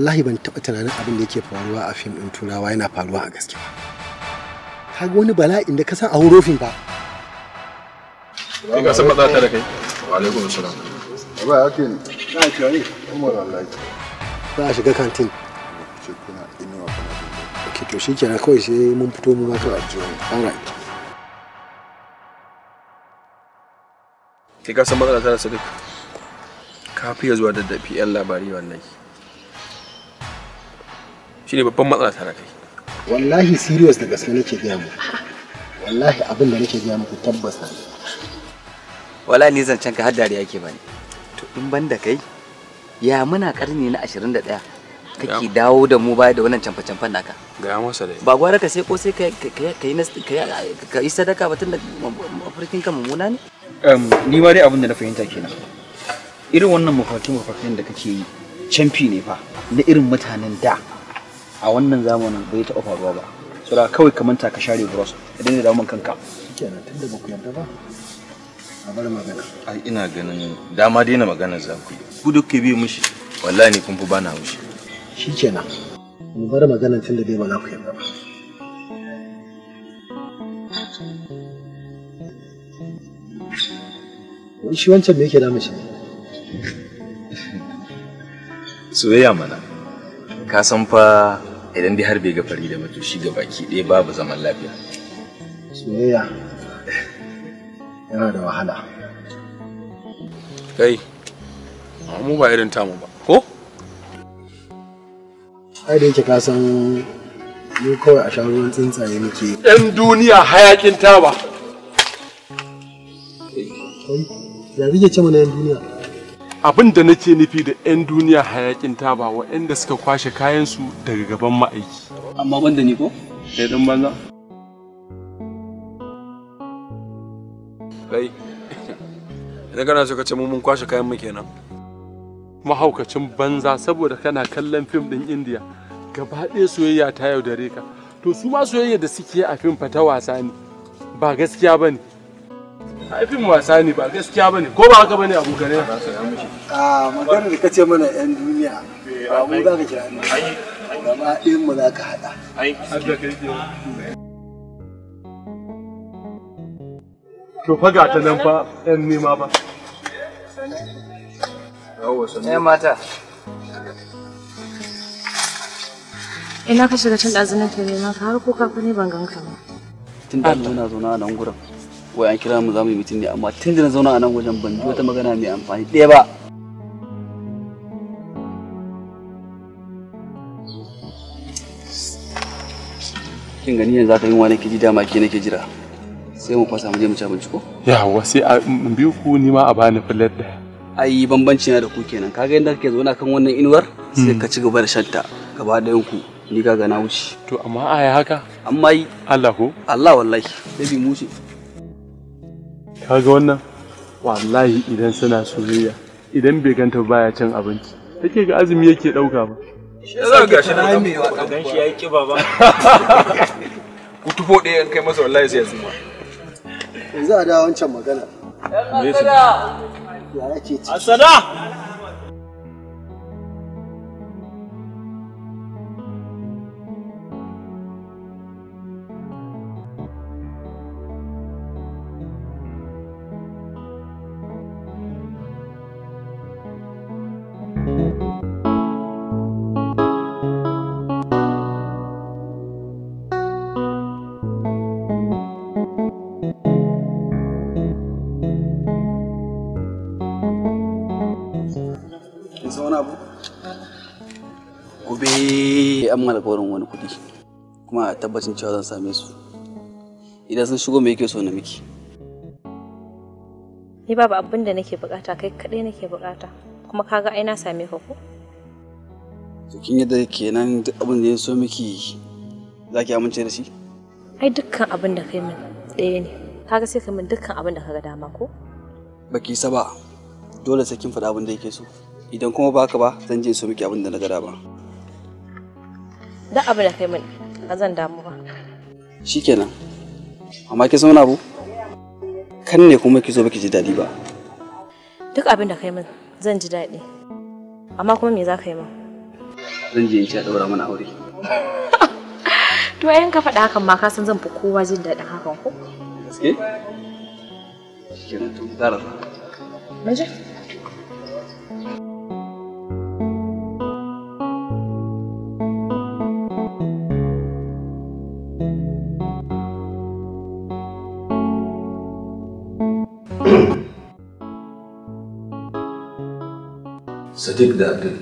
wallahi ban taɓa tunanin abin da yake faruwa a fim ɗin turawa yana faruwa a gaske ka ga wani bala'in da ka san a wurofin ba kai ka san matsala ta da kai wa alaikum assalam ba yake ke na ki ne umar wallahi ba a shiga kantin ce kuna inuwa kana ke to kawai sai mun fito mu ma kawai all right ka san matsala ta da Sadiq. ka fiye zuwa dafi yan labari wannan. shine babban matsala ta kai wallahi serious da gaske nake gaya mu wallahi abin da nake gaya muku tabbas ne wallahi ni zancen ka har dariya ke bani to in ban da kai ya muna karni na 21 kake dawo da mu bayan da wannan canfa canfan naka ga masa dai ba gwara ka sai ko sai kai kai kai yi sadaka ba tunda mafarkin ka mummuna ne ni ma dai abin da na fahimta kenan irin wannan mafarkin mafarkin da kake yi canfi ne fa na irin mutanen da a wannan zamanin bai taɓa faruwa ba da kawai ka manta ka share bros ka daina damun kanka kenan tunda ba ku yarda ba a bar magana ai ina ganin dama daina magana za ku ku duk ke bi mishi wallahi ni kun fi bana mishi na mu bar magana tunda bai ba za ku yarda ba shi wancan me yake damun shi soyayya mana ka san fa idan dai har bai ga fari da mutu shi ga baki ɗaya babu zaman lafiya soyayya yana da wahala kai mu ba irin tamu ba ko ai da yake ka san kawai a sha ruwan tsuntsaye muke yan duniya hayakin taba ya kike ce mana yan duniya abin da nake nufi da 'yan duniya hayakin taba waɗanda suka kwashe kayansu daga gaban ma'aiki. Amma wanda ne ko? Sai banza. Kai, idan kana so ka ce mun kwashe kayan mu kenan. Mahaukacin banza saboda kana kallon fim ɗin Indiya gaba ɗaya soyayya ta yaudare ka. To su ma soyayya da suke a fim fa ta wasa ne ba gaskiya ba haifin wasa ne ba gaskiya bane ko ba haka bane abokane a ah, magana da kace mana yan duniya ba mu za ka kira ni gaba ɗayan mu za ka haɗa to fa ga ta nan fa yan nema ba Eh mata. Ina ka shiga cin ɗazunan ke neman ka har kuka ku ne ban ganka ba. Tun da muna zaune a nan gurin. wai an kira mu za mu yi mutum ne amma tun da na zauna a nan wajen ban ji wata magana mai amfani ɗaya ba kin gani yanzu aka yi wani kiji ji dama ke nake jira sai mu fasa mu je mu ci abinci ko yawa sai a biyu ku ni ma a bani filet da ai bambanci na da ku kenan kaga yadda kake zauna kan wannan inuwar sai ka ci gaba da shanta gaba ɗayan ku ni ga na wuce to amma a haka amma yi Allah ko Allah wallahi sai bi mu kaga wannan wallahi idan suna soyayya idan bai ganta baya cin abinci take ga azumi yake dauka ba za ga shi na mai wa gan shi yayi kiba ba ku tufo ɗaya in kai masa wallahi sai ya zuma yanzu a dawo wancan magana yan asada ya ce ci asada min wani kuɗi kuma a tabbacin cewa zan same su idan sun shigo me yake so na miki ni babu abin da nake bukata kai kaɗai nake bukata kuma kaga ai na same ka ko kin yadda kenan duk abin da ya so miki za ki amince da shi ai dukkan abin da kai min ɗaya ne kaga sai kai min dukkan abin da kaga dama ko baki saba dole sai kin faɗa abin da yake so idan kuma baka ba zan je so miki abin da na ga dama da abu da kai mun ba zan damu ba shikenan amma ke san abu kan ne kuma ki zo baki ji daɗi ba duk abin da kai mun zan ji daɗi amma kuma me za ka yi min zan je in ci a ɗaura mana aure to ayan ka faɗa hakan ma ka san zan fi kowa jin daɗin hakan ko gaske shikenan to ba mun je sadiq da abdul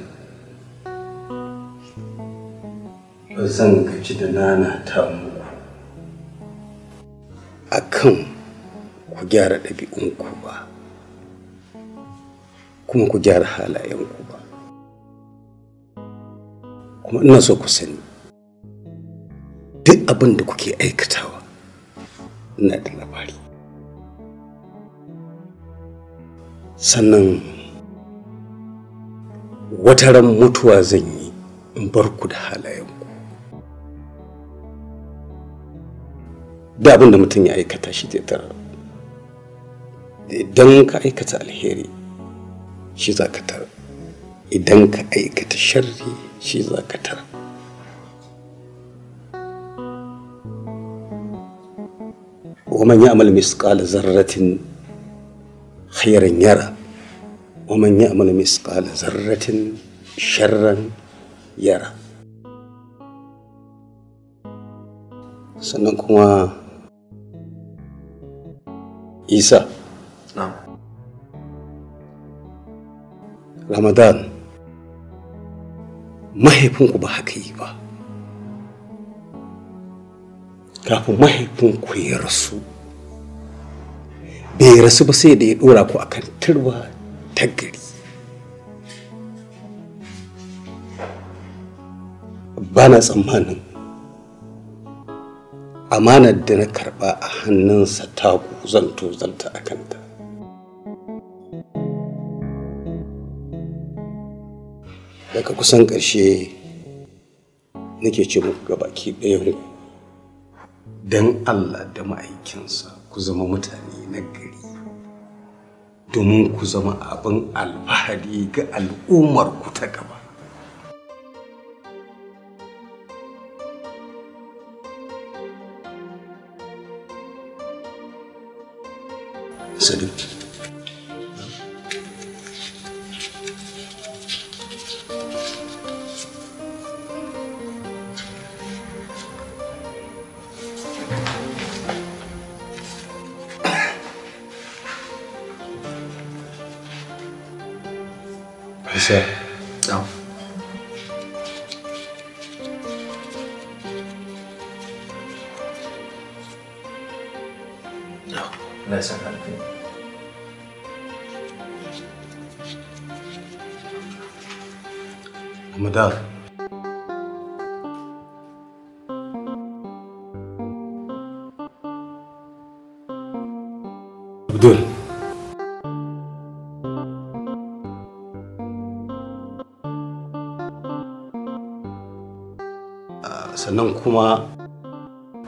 ba zan gaji da nana ta muku akan ku gyara ɗabi'unku ba kuma ku gyara halayenku ba kuma ina so ku sani duk abin da kuke aikatawa ina da labari sannan wata ran mutuwa zan yi in bar ku da halayenku da abin da mutum ya aikata shi zai tarar idan ka aikata alheri shi za ka tarar idan ka aikata sharri shi za ka tarar ومن يعمل مثقال ذرة خيرا يره ومن يعمل مثقال ذرة شرا يرى sannan kuma isa ramadan mahaifinku ba haka yi ba kafin mahaifinku ya rasu bai rasu ba sai da ya dora ku akan turba ta gari ba na tsammanin amanar da na karɓa a hannunsa ta zanto zanta a kanta daga kusan ƙarshe nake ce muku ga baki ɗayan don allah da ma'aikinsa ku zama mutane na gari domin ku zama abin alfahari ga al'ummar ku ta gaba. Salut. answer kuma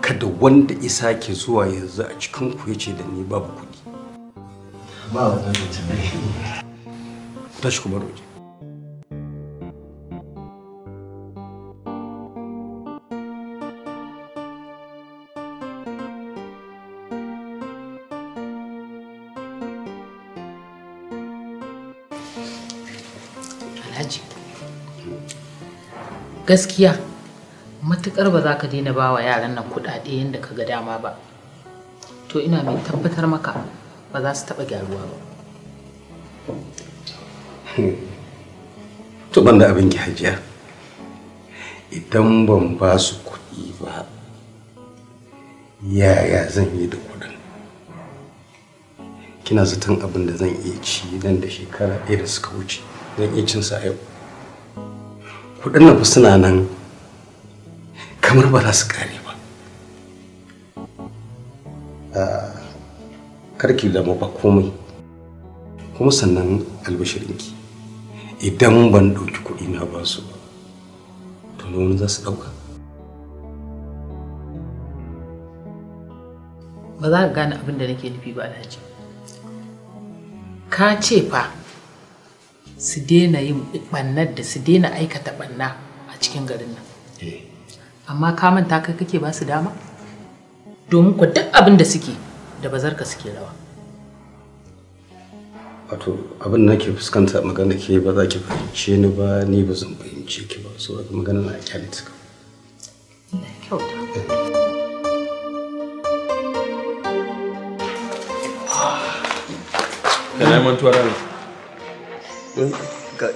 kada wanda isa ke zuwa yanzu a cikin ku ya ce da ni babu kuɗi. Ba wannan mutum ne. Tashi kuma roje. Alhaji. Gaskiya matukar ba za ka daina ba wa yaran nan kuɗaɗe yadda ka ga dama ba to ina mai tabbatar maka ba za su taɓa gyaruwa ba hmm. to ban da abin ki hajiya idan ban ba su kuɗi ba yaya zan yi da kuɗin kina zaton abin da zan iya ci nan da shekara ɗaya da suka wuce zan iya cin sa yau kuɗin na suna nan kamar ba za su kare ba ah, karki da ba komai kuma sannan albashirinki idan ban ɗauki kuɗi na ba su ba to wani za su ɗauka ba za ka gane abin da nake nufi ba alhaji ka ce fa su daina yin ɓannar da su daina aikata ɓanna a cikin garin nan eh. amma ka manta kai kake ba su dama domin ku duk abin da suke da bazarka suke rawa wato abin da nake fuskanta magana ke ba za ki fahimce ni ba ni ba zan fahimce ki ba so magana na kyale ta kyauta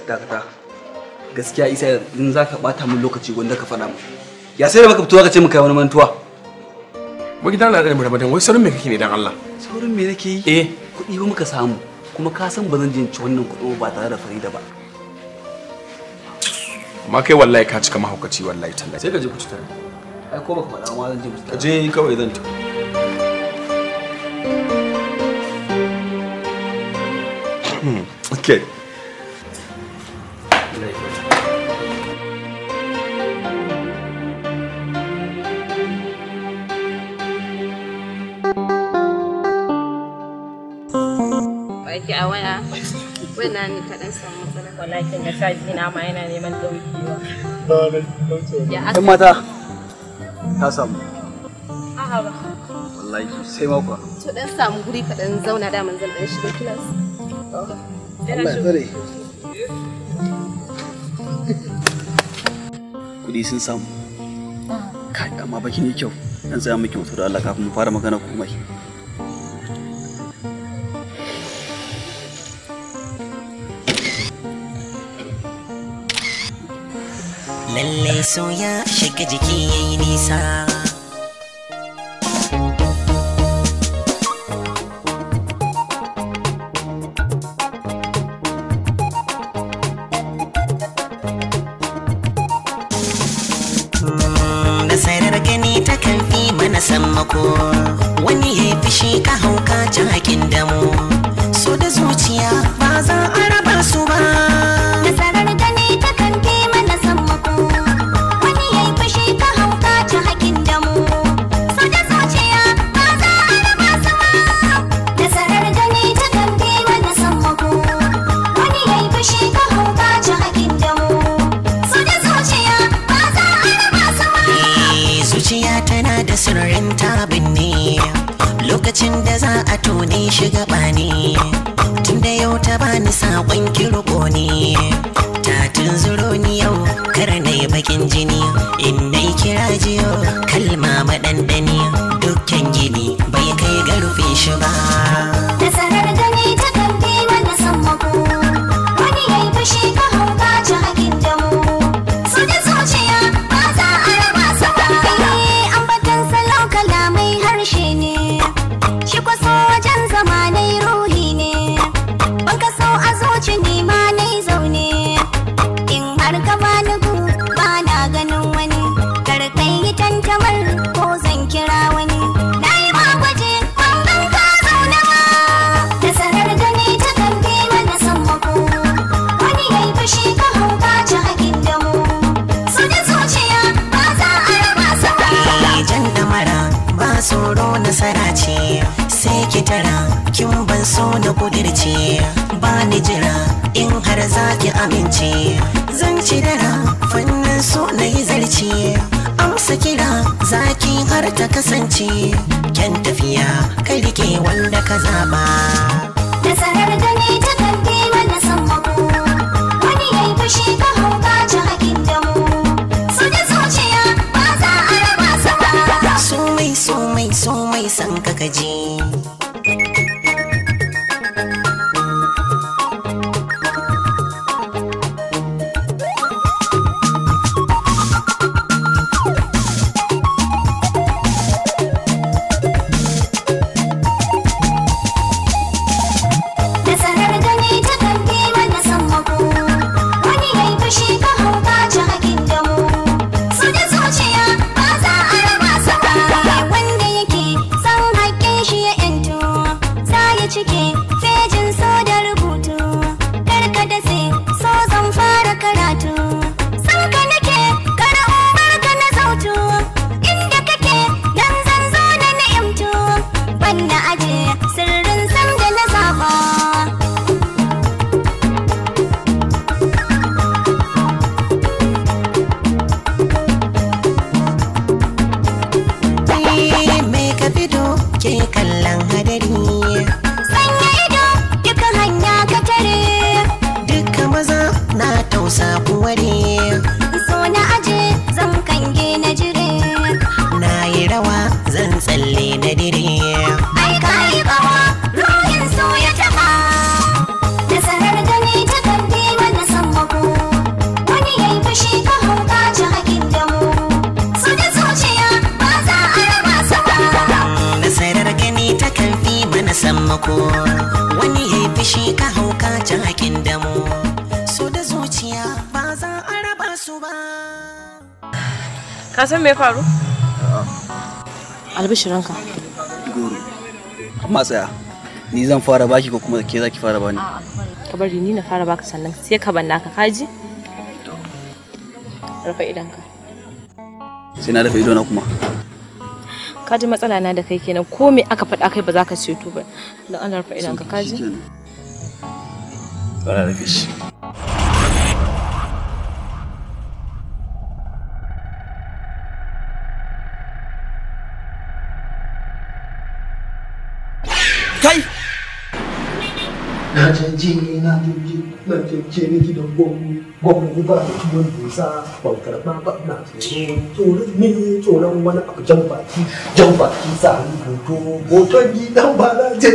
da da gaskiya isa in za ka bata min lokaci wanda ka faɗa min ya sai da baka fito ka ce muka yi wani mantuwa ba gidan Allah da rabatan wai saurin me kake ne dan Allah saurin me nake yi eh kuɗi ba muka samu kuma ka san ba zan je ci wannan kuɗi ba tare da Farida ba amma kai wallahi ka cika mahaukaci wallahi tallahi sai ka je kuci tare ai ko baka faɗa ma zan je kuci tare je kawai zan ta hmm, Okay. waya wannan kaɗan samu matsala jina ma yana neman ɗaukewa ya mata ta samu a'a ba wallahi sai ma kuwa to dan samu guri kaɗan zauna da shiga kuɗi sun samu kai amma bakin yi kyau dan tsaya miki hoto da Allah kafin mu fara magana komai soya shake jiki yayi nisa albishirinka goro amma tsaya ni zan fara baki ko kuma ke zaki fara bani ka bari ni na fara baka sannan sai ka banna ka kaji rufe idanka sai na rufe idona kuma Kaji matsala na da kai kenan ko me aka faɗa kai ba za ka ceto ba don Allah rufe idanka kaji Para de shi jini na jirgi na jirgi ne gidan gwamnu gwamnu ba da kiwon dusa ban karɓa ba na tsoron ne tsoron wani abu jan baki jan baki sa hannu hoto hoton gidan ba na je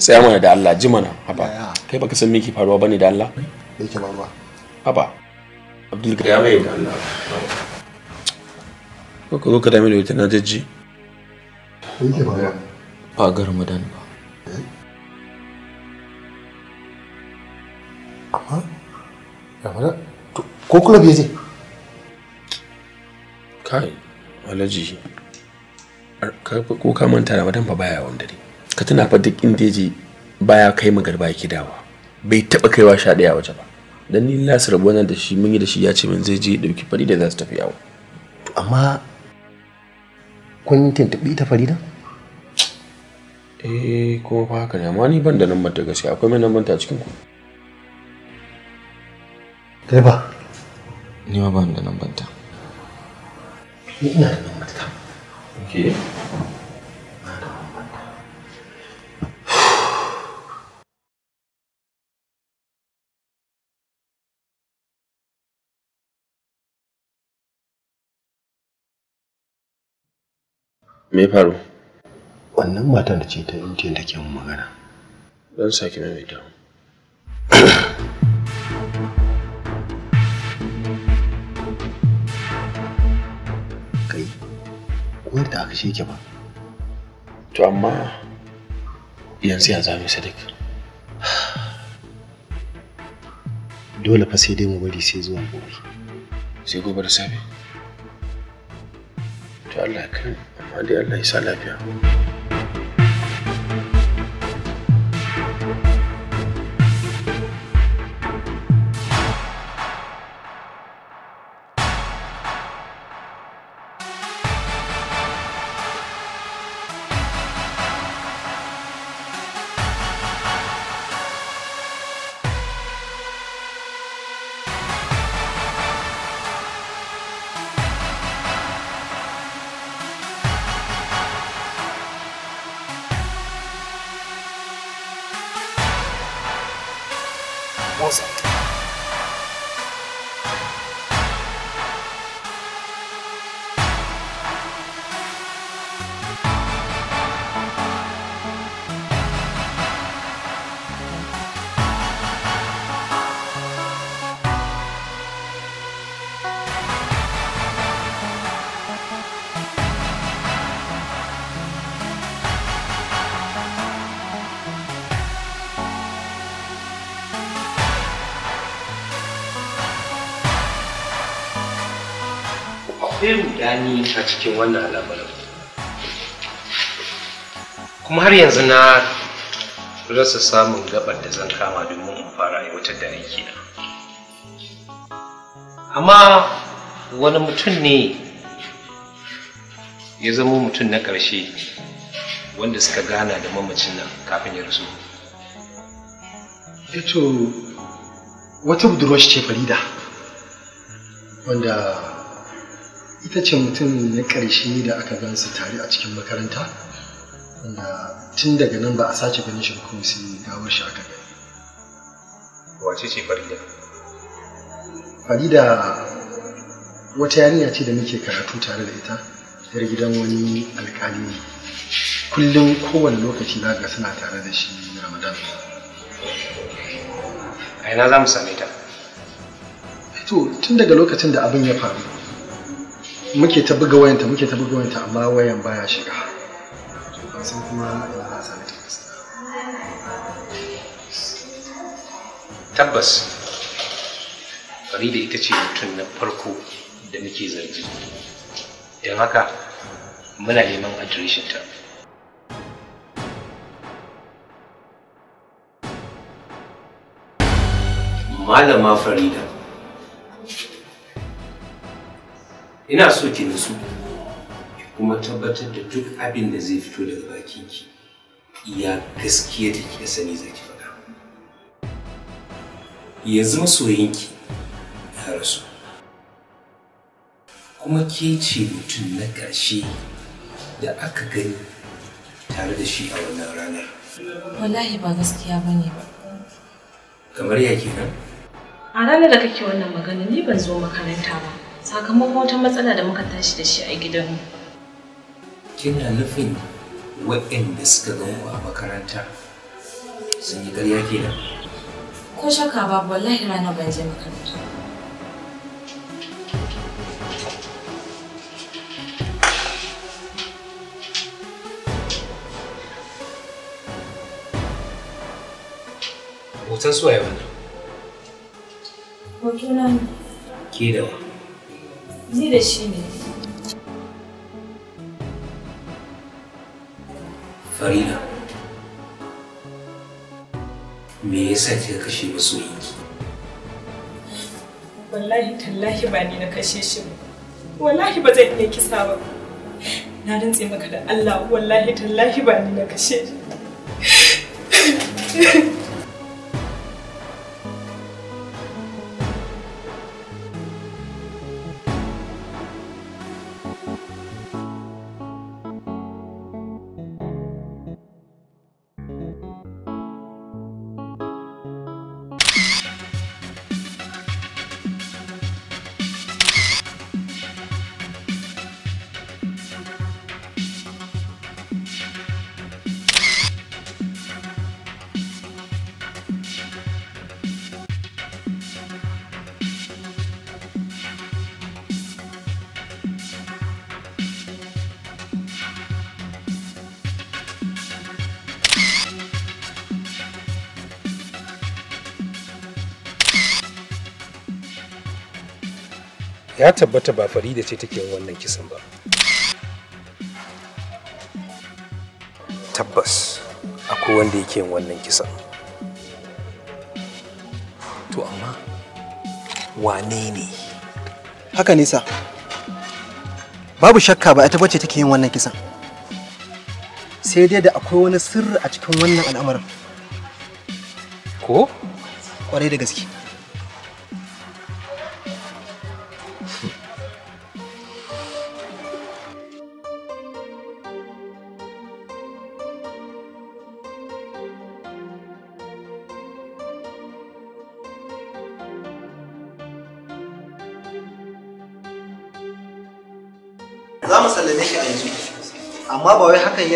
tsaya mana da Allah ji mana haba kai baka san me ke faruwa bane da Allah me ke faruwa haba Abdul ya mai da Allah ko ko ka da mai da na jajji ba garin ba eh? amma ya mana ko kula biye je kai alaji ko ka manta da madan fa baya wanda dare ka tuna fa duk inda je baya kai mu garba yake dawa bai taba kaiwa sha daya waje ba dan ni na sarbo nan da shi mun yi da shi ya ce min zai je dauki farida za su tafi yawo amma kun tuntubi ta farida eh ko fa haka ne amma ni ban da nan ta gaskiya akwai mai nan ta cikin ku Kai ba? Ni ma ba ni da lambar ta. Ni ina da nan ta. Ke? Ina da Me faru? Wannan matan da ce ta intiyan da ke magana. Zan sake maimaita. wayar da aka sheke ba to amma yanzu ya zame sadiq dole fa sai dai mu bari sai zuwa gobe sai gobe da safe to Allah ya kai amma dai Allah ya sa lafiya cikin wannan al'amarin kuma har yanzu na rasa samun gabar da zan kama domin in fara aiwatar da aiki na amma wani mutum ne ya zama mutum na ƙarshe wanda suka gana da mamacin nan kafin ya rasu eto eh wata budurwa ce farida wanda ita ce mutum na ƙarshe da aka gan su tare a cikin makaranta wanda tun daga nan ba a sace ganin shi kuma sai gawar shi aka gani wace ce farida farida wata yarinya ce da muke karatu tare da ita yar gidan wani alkali ne kullum kowane lokaci za ga suna tare da shi ramadan a ina za mu same ta to tun daga lokacin da abin ya faru muke ta buga wayanta muke ta buga wayanta amma wayan baya shiga kuma tabbas farida ita ce mutum na farko da muke zargi don haka muna neman ta malama farida ina so ki nutsu kuma tabbatar da duk abin da zai fito daga bakin ki iya gaskiya da ki sani zaki faɗa yanzu masoyinki ya rasu kuma ke ce mutum na ƙarshe da aka gani tare da shi a wannan ranar wallahi ba gaskiya bane ba kamar ya nan? a ranar da kake wannan magana ni ban zo makaranta ba sakamakon wata matsala da muka tashi da shi a gidanmu. Kina nufin waɗanda suka ganku a makaranta sun yi ƙarya kenan? Ko shakka ba, wallahi rana ban je makaranta. Hoton suwaye wannan? Hotuna Ke da wa? Ni da shi ne. Farida, me yasa kika kashe masoyinki? Wallahi tallahi ba ni na kashe shi ba. Wallahi ba zan iya kisa ba. Na rantse maka da Allah wallahi tallahi ba ni na kashe shi. ya tabbata ba farida ce take yin wannan kisan ba tabbas akwai wanda yake yin wannan kisan to amma wane ne haka nisa babu shakka ba ita bace take yin wannan kisan sai dai da akwai wani sirri a cikin wannan al'amarin ko kwarai da gaske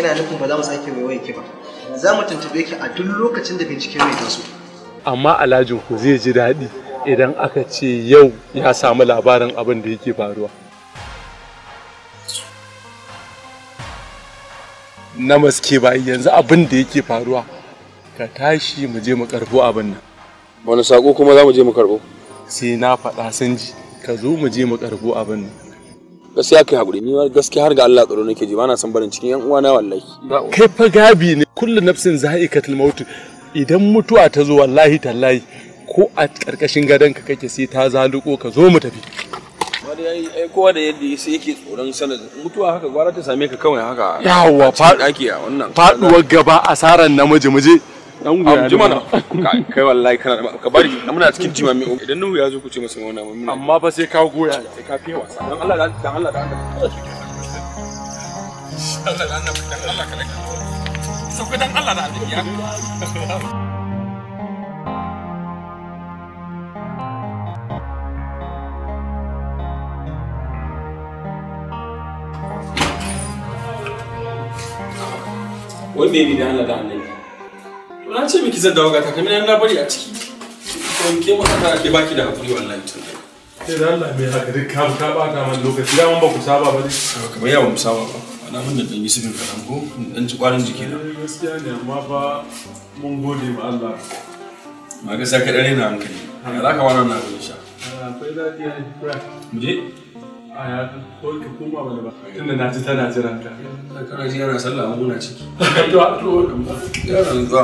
yana nufin ba za mu sake waiwaye ke ba za mu tuntube ki a duk lokacin da bincike mai taso amma alhajin ku zai ji daɗi idan aka ce yau ya samu labarin abin da yake faruwa na maske bayi yanzu abin da yake faruwa ka tashi mu je mu karbo abin nan wani sako kuma za mu je mu karbo sai na faɗa sun ji ka zo mu je mu karbo abin nan gaskiya kai hakuri ni gaskiya har ga Allah tsaro nake ji na san barin cikin yan uwa na wallahi kai fa gabi ne kullu nafsin za'ikatul maut idan mutuwa ta zo wallahi tallahi ko a karkashin gadon ka kake sai ta zaluko ka zo mu tafi kowa da yadda sai yake tsoron sanad mutuwa haka gwara ta same ka kawai haka yawa faɗuwar gaba asarar namiji miji dan guya ji mana kai wallahi kana ka bari muna cikin jima mi idan nuhu ya zo ku ce masa wannan mun amma fa sai ka goya sai ka fiye wasa dan Allah dan Allah dan Allah dan Allah dan kana sauka dan Allah da abin ya Wai me ne da Allah da Allah na ce miki zan dawo ga kamar na bari a ciki in ke mu haka ke baki da hakuri wallahi tun sai da Allah mai haka duk ka ba ta man lokaci da mun ba ku saba ba dai kamar yawa mu saba ba ana mun da dan yi sibin kadan ko dan ci kwarin jiki na eh, gaskiya ne amma fa mun gode ma Allah ma ga saka dare na hankali za ka wannan na insha eh, akwai dadi ne mu je a ya ko ki kuma ba ba tunda na ji tana jiran ka kana ji yana sallah na ciki to to yaran zuwa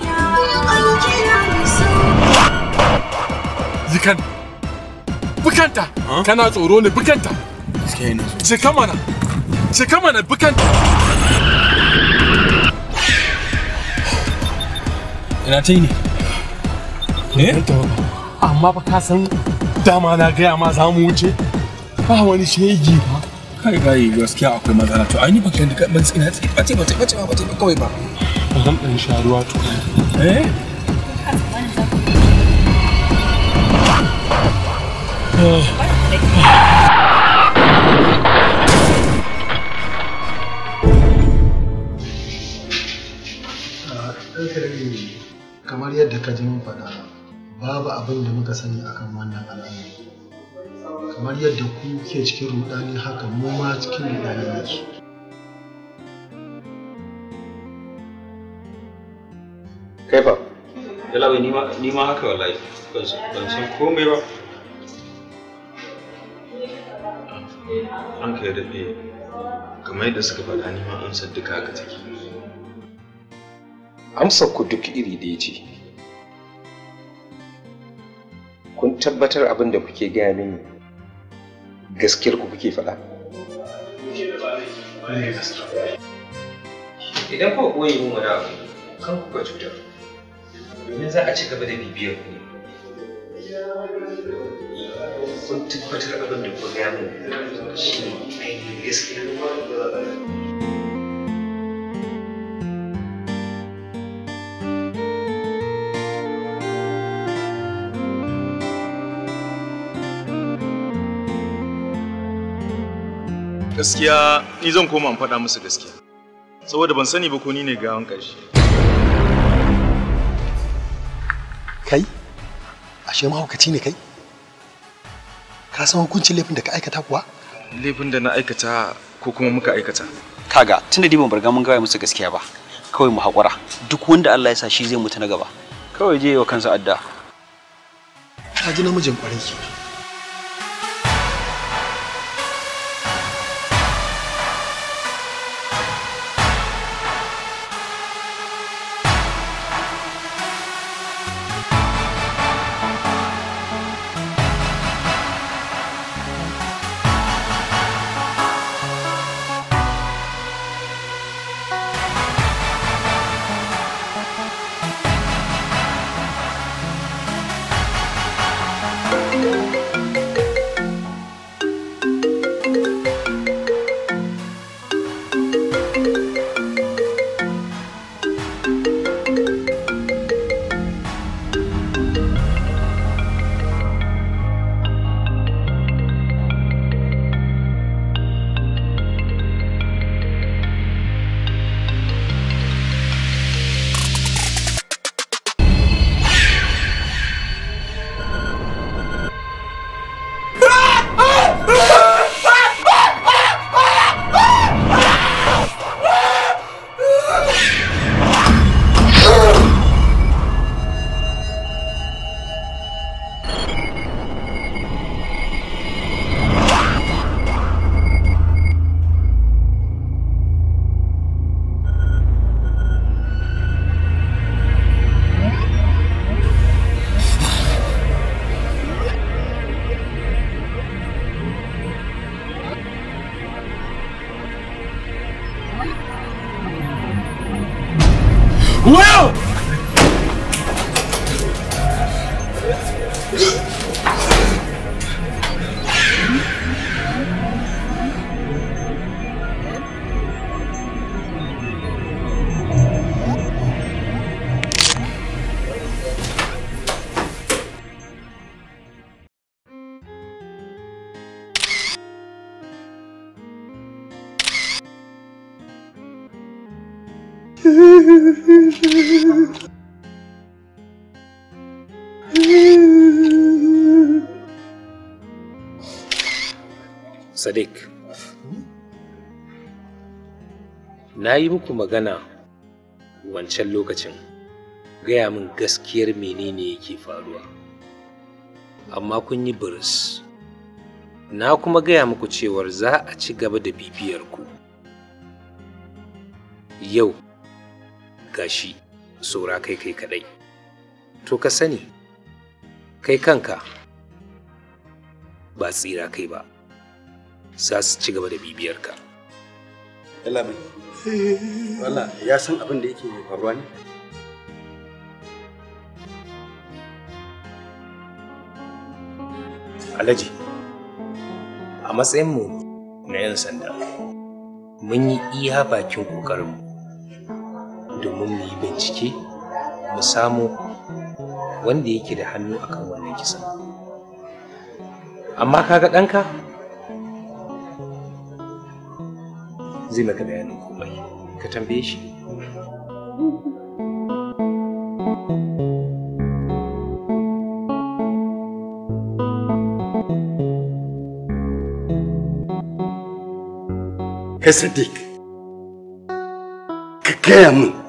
Jikan. Bukanta. Kana tsoro ne bukanta. Cika mana. bukanta. Ina ta yi ne? Ne? Amma ba ka san dama na gaya ma za mu wuce. Ba wani shegi ba. Kai gayi gaskiya akwai matsala to ai ni bakin da ban tsina tsi ba ce ba ce ba ce ba kawai ba. Zan sha ruwa to. Eh? Eh. kamar yadda ka ji mun faɗa babu abin da muka sani akan wannan al'amari kamar yadda ku ke cikin rudani haka mu ma cikin rudani ne kai ba yalabai ni ma haka wallahi ban san komai ba ranka ya daɗe kamar yadda suka faɗa ni ma amsar duka haka ciki. amsar ku duk iri da ce kun tabbatar abin da kuke gaya mini gaskiyar ku kuke faɗa idan kuka koyi mun wani abu kan kuka cutar domin za a ci gaba da bibiyar ku kun tabbatar abin da kuka gaya mini shi ainihin gaskiyar wani gaskiya ni zan koma in faɗa musu gaskiya saboda ban sani ba ko ni ne gawan ƙarshe kai ashe mahaukaci ne kai ka san hukuncin laifin da ka aikata kuwa laifin da na aikata ko kuma muka aikata kaga tunda dai barga mun gaya musu gaskiya ba kawai mu haƙura duk wanda Allah ya sa shi zai mutu na gaba kawai je wa kansa adda ka ji namijin kwarai kenan Sadiq, na yi muku magana wancan lokacin gaya min gaskiyar menene yake faruwa, amma kun yi buris. Na kuma gaya muku cewar za a ci gaba da bibiyarku. Yau, gashi saura kai kai kaɗai, to ka sani kai kanka ba tsira kai ba za su ci gaba da bibiyarka yalla mai, wala ya san abin da yake faruwa ne alhaji a matsayinmu na 'yan sanda mun yi iya bakin ƙoƙarinmu domin mu yi bincike mu samu wanda yake da hannu akan wannan kisan amma kaga ɗanka zai maka bayanin komai ka tambaye shi kai sadiq ka kaya min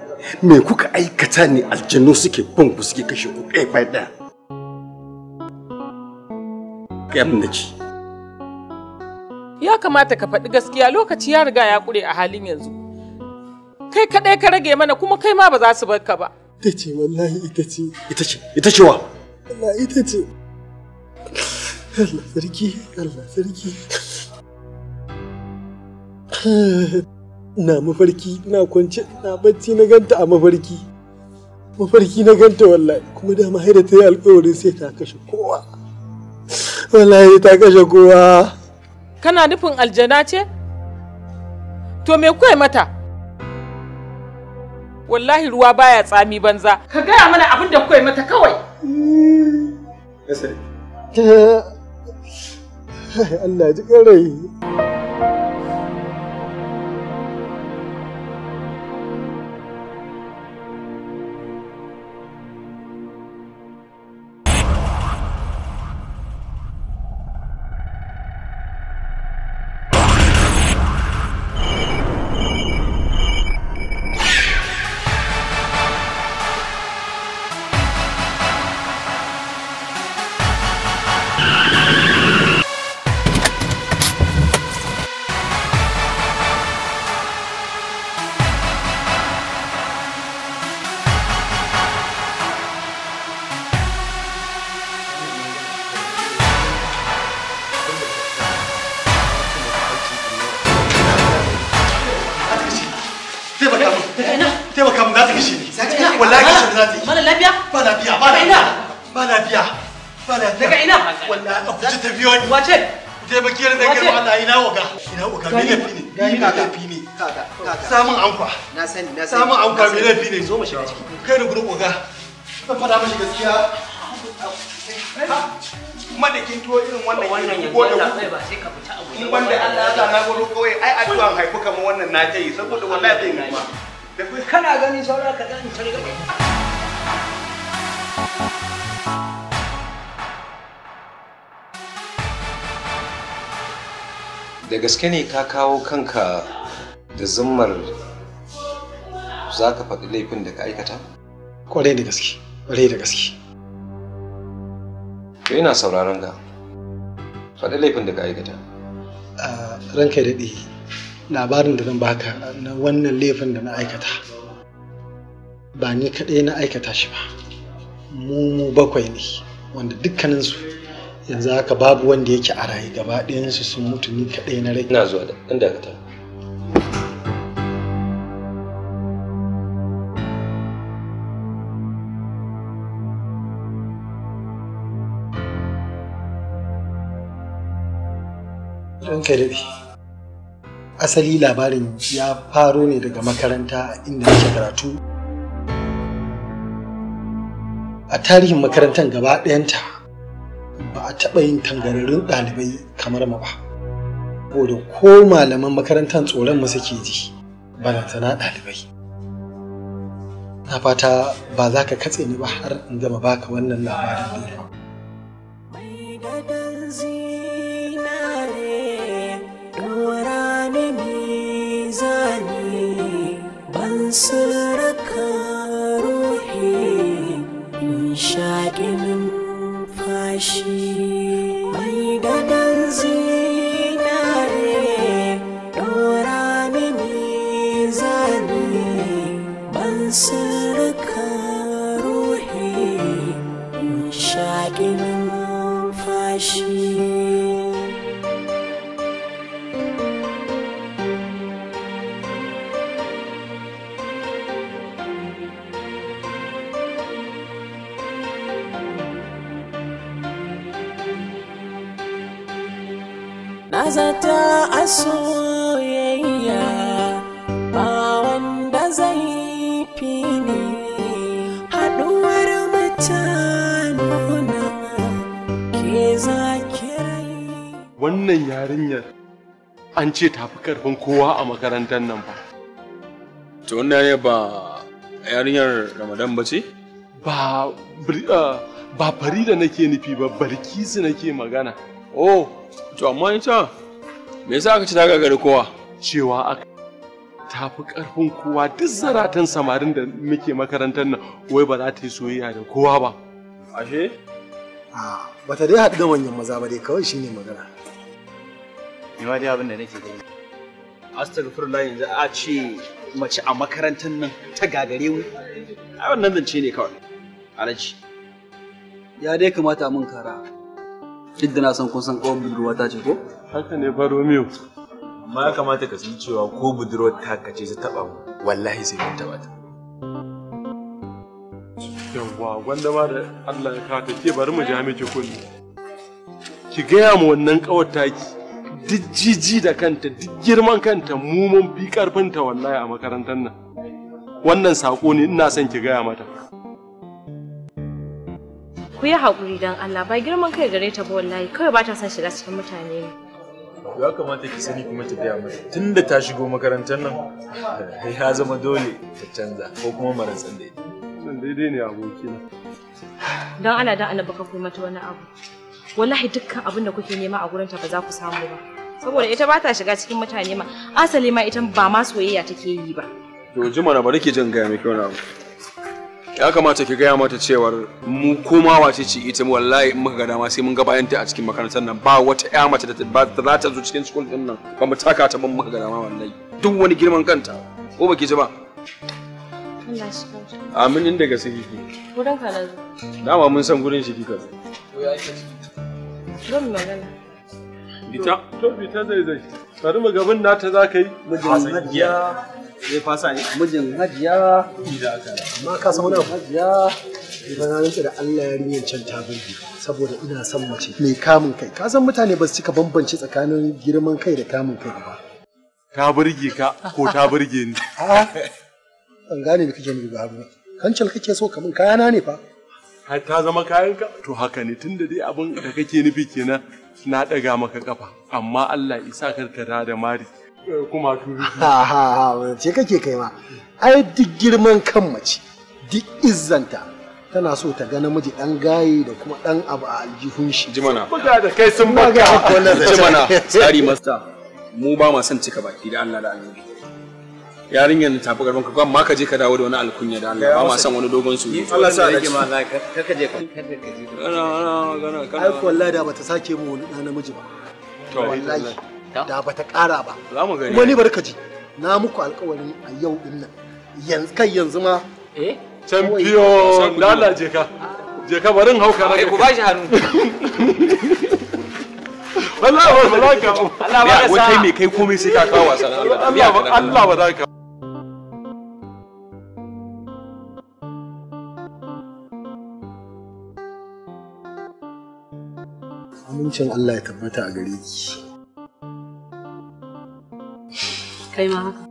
me kuka aikata ne aljanu suke bin ku suke kashe ku ɗaya bai ɗaya kai abin da ci ya kamata ka faɗi gaskiya lokaci ya riga ya ƙure a halin yanzu kai kaɗai ka rage mana kuma kai ma ba za su bar ka ba ita ce wallahi ita ce ita ce ita ce wa wallahi ita ce Allah sarki Allah sarki na mafarki na kwance na bacci na ganta a mafarki mafarki na ganta wallahi kuma dama haida ta yi alkawarin sai ta kashe kowa wallahi ta kashe kowa kana nufin aljana ce to me kuwa mata wallahi ruwa baya tsami banza ka gaya mana abin da kuwa mata kawai Allah ji ƙarai. biliyon wace je bakiyar da girma Allah ina waga ina waga me laifi ne gani kaka laifi kaka kaka samun anka na sani na sani samun anka me laifi ne zo mu shiga ciki kai da gurin waga k'a fada mishi gaskiya madakin tuwo irin wannan wannan ko da ba sai ka fita a gurin wanda Allah ya zana gurin kawai ai addu'an haifu kamar wannan na ta saboda wallahi da kana gani saura ka da gaske ne ka kawo kanka da zummar za ka faɗi laifin da ka aikata? Kwarai da gaske, kwarai da gaske. To ina sauraron ka. Faɗi laifin da ka aikata. Ranka ɗi labarin da zan baka na wannan laifin da na aikata. Ba ni kaɗai na aikata shi ba. Mu mu bakwai ne, wanda dukkaninsu yanzu haka babu wanda yake a raye gaba ɗayansu sun mutu ni kaɗai na rai Ina zuwa da ɗan dakata ranka daɗe asali labarin ya faro ne daga makaranta inda nake karatu a tarihin makarantar gaba ɗayanta ba a taɓa yin tangararrun ɗalibai kamar mu ba saboda ko malaman makarantar tsoron mu suke ji balantana ɗalibai na fata ba za ka katse ni ba har in gama baka wannan labarin da Sirraka ruhi in shaƙi min wish an ce tafi karfin kowa a makarantar nan ba to wannan ba yarinyar ramadan ba ce ba ah, ba farida nake nufi ba barkisu nake magana oh to amma ita me yasa aka ci ta gagari kowa cewa aka tafi karfin kowa duk zaratan samarin da muke makarantar nan wai ba za ta yi soyayya da kowa ba ashe ah, ba ta dai haɗu da manyan maza ba dai kawai shine magana ni ma dai abin da nake gani astaghfirullah yanzu a ce mace a makarantar nan ta gagare mu a wannan zance ne kawai alaji ya dai kamata min kara duk da na san kun san kawon budurwa ta ce ko haka ne ba romeo amma ya kamata ka san cewa ko budurwar ta kace ta taba mu wallahi sai mun taba ta yawwa gwanda ma da Allah ya kawo ta ke bari mu ja miki ki gaya mu wannan kawar taki duk jiji da kanta duk girman kanta mu mun fi karfinta wallahi a makarantar nan wannan sako ne ina son ki gaya mata ku yi haƙuri don Allah ba girman kai gare ta ba wallahi kawai ba ta son shiga cikin mutane ne ya kamata ki sani kuma ta gaya mata tunda ta shigo makarantar nan eh, ya zama dole ta canza ko kuma marantsan da ita daidai ne abokina don Allah don Allah baka koyi mata wani abu wallahi dukkan abin da kuke nema a gurinta ba za ku samu ba saboda ita ba ta shiga cikin mutane ma asali ma ita ba ma soyayya take yi ba to jima na ba nake jin gaya miki wani abu ya kamata ki gaya mata cewar mu koma wace ce ita wallahi in muka ga dama sai mun ga ta a cikin makarantar nan ba wata ƴa mace da za ta zo cikin school din nan ba mu taka ta ban muka ga dama wallahi duk wani girman kanta ko baki ji ba amin inda sai kike gurin ka na zo dama mun san gurin shi kika zo to ya aika Zan magana. Bita? To zai zai. Bari mu za ka yi. Mijin hajiya. Zai eh, fasa ne? Mijin hajiya. Ida aka. Ma ka san wani ba. da Allah ya riyan can ta burge saboda ina son mace mai kamun kai. Ka san mutane ba su cika bambance tsakanin girman kai da kamun kai ba. Ta burge ka ko ta burge ni. Ban gane me kake nufi ba Haruna. kake so kamun kayana ne fa. har ka zama kayanka to haka ne tunda dai abin da kake nufi kenan na ɗaga maka kafa amma Allah isa karkata da mari eh, kuma to ha ha ha ce kake kai ma ai duk girman kan mace duk izzanta tana so ta ga namiji dan gaye da kuma dan abu a aljihun shi jimana buga da kai sun baka jimana tsari master mu ba ma son cika baki da Allah da annabi yarinyar ta fi karfin ka ma ka je ka dawo da wani alkunya da Allah ba ma san wani dogon su Allah sa da ma ka ka je ka ka je ka kana ai wallahi da bata sake mu wani namiji ba to wallahi da bata kara ba za mu gani wani barkaji na muku alƙawarin a yau din nan yanzu kai yanzu ma eh champion je ka je ka barin hauka na ku bashi hannu Allah ba za ka Allah ba za ka Allah ba za ka Amincin Allah ya tabbata a gare ki. Kai ma haka.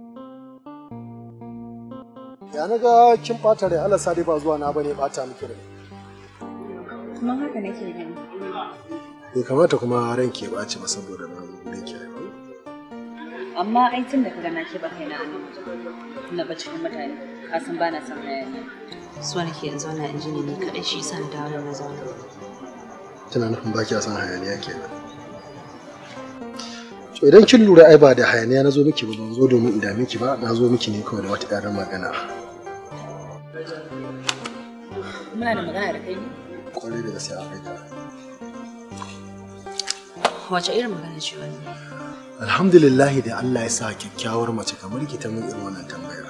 Ya na ga kin ɓata rai Allah dai ba zuwa na bane ɓata miki rai. Kuma haka nake gani. Bai kamata kuma ranki ya ɓaci ba saboda na zo gurin ki amma ai tun da ka na ke ba kaina a nan na ba cikin mutane ka san ba na son hayaniya Suwa nake in zauna in ji ne ni kaɗai shi san dawo na zauna Tana nufin ba kya son hayaniya kenan to idan kin lura ai ba da hayaniya na zo miki ba ban zo domin in miki ki ba na zo miki ne kawai da wata ƴar magana muna da magana da kai ne kwarai da gaske a kai ka wace irin magana ce wannan alhamdulillah da Allah ya sa kyakkyawar mace kamar ki ta mun irin wannan tambayar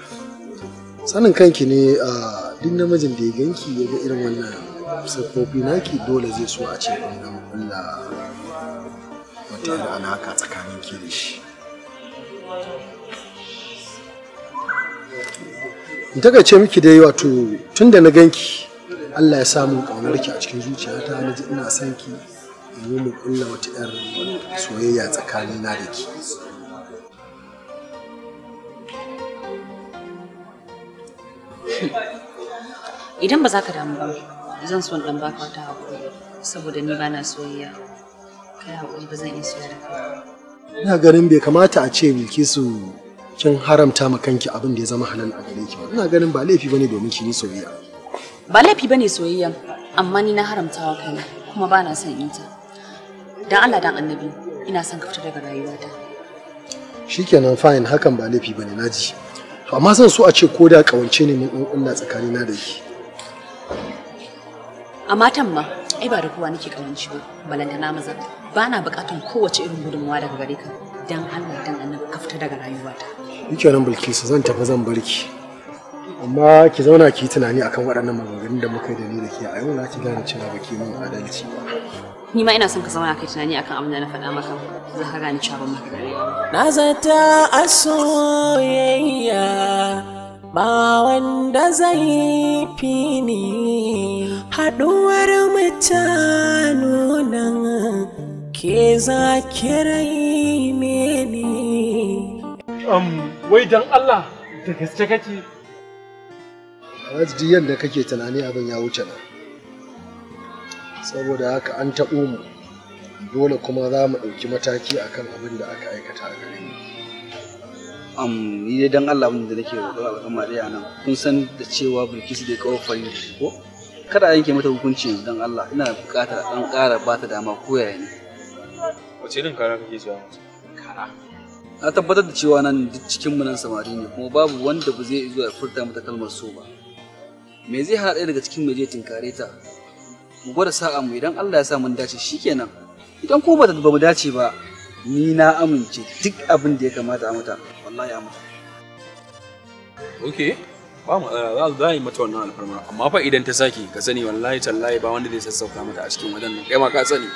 sanin kanki ne a ah, duk namijin da ya ganki ya ga irin wannan siffofi naki dole zai so a ce an kulla wata da alaka tsakanin ki da shi daga ce miki dai wato tun da na ganki Allah ya samu ƙaunar ki a cikin zuciyata na ji ina son ki in yi mu kulla wata 'yar soyayya tsakanin na da ki idan ba za ka damu ba zan so dan baka wata haƙuri saboda ni bana soyayya kai haƙuri ba zan iya soyayya da kai ina ganin bai kamata a ce bilkisu kin haramta ma kanki abin da ya zama halal a gare ki ba ina ganin ba laifi bane domin ki ni soyayya ba laifi bane soyayya amma ni na haramta wa kaina kuma bana son in ta dan Allah dan annabi ina son ka fita daga rayuwata shikenan fine hakan ba laifi bane naji amma zan so a ce ko da kawance ne mun kulla tsakanina da ki a matan ma ai ba da kowa nake karanci ba na maza ba na bukatan kowace irin gudunmawa daga gare ka dan Allah dan annabi ka fita daga rayuwata nan bilkisu zan tafi zan barki amma ki zauna ki tunani akan waɗannan maganganun da muka yi da ni da ke a yau na ci gane cewa ba ki min adalci ba ni ma ina son ka zauna kai tunani akan abin da na faɗa maka za ka gane cewa ban maka na zata a soyayya ba wanda zai fi ni haɗuwar mutanu nan ke za kirai mene wai don Allah da gaske kake Alhaji yadda kake tunani abin ya wuce nan saboda haka an taɓo mu dole kuma za mu ɗauki mataki akan abin da aka aikata a gare um, ni dai dan Allah abin da nake roƙon al'umma Mariya nan, kun san da cewa Bilkisu dai kawo fari ko kada a yanke mata hukunci yanzu dan Allah ina buƙatar dan ƙara ba ta dama ko yaya ne wace irin kara kake cewa kara na tabbatar da cewa nan duk cikin mu nan samari ne kuma babu wanda ba zai zuwa furta mata kalmar so ba me zai hana ɗaya daga cikin mu je tinkare ta mu gwada sa'a mu idan Allah ya sa mun dace shikenan idan ko ba mu dace ba ni na amince duk abin da ya kamata a mata wallahi amma okay ba mu eh, za za yi mata wannan alfarma amma fa idan ta sake ka sani wallahi tallahi ba wanda zai sassauka mata a cikin wajen nan kai ma ka sani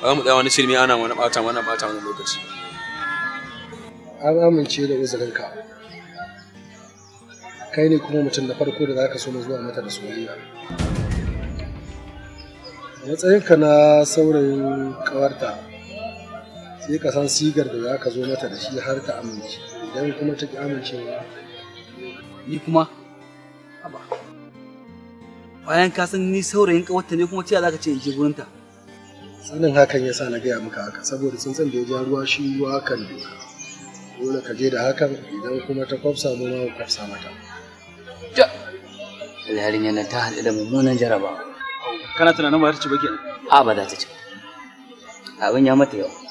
ba za mu tsaya wani shirme ana wani bata mana bata wani lokaci an amince da uzurinka kai ne kuma mutum na farko da zaka so mu zuwa mata da soyayya matsayinka na saurayin kawarta sai ka san sigar da zaka zo mata da shi har ta amince idan kuma ta ki amincewa ni kuma haba bayan ka san ni saurayin wata ne kuma cewa zaka ce in je gurin ta sanin hakan yasa na gaya maka haka saboda sun san da ya ja ruwa shi ruwa kan doka dole ka je da hakan idan kuma ta kwafsa mu ma kwafsa mata ja alharin yana ta haɗu da mummunan jarabawa kana tunanin ba ta ci ba kenan a ba za ta ci abin ya mata yawa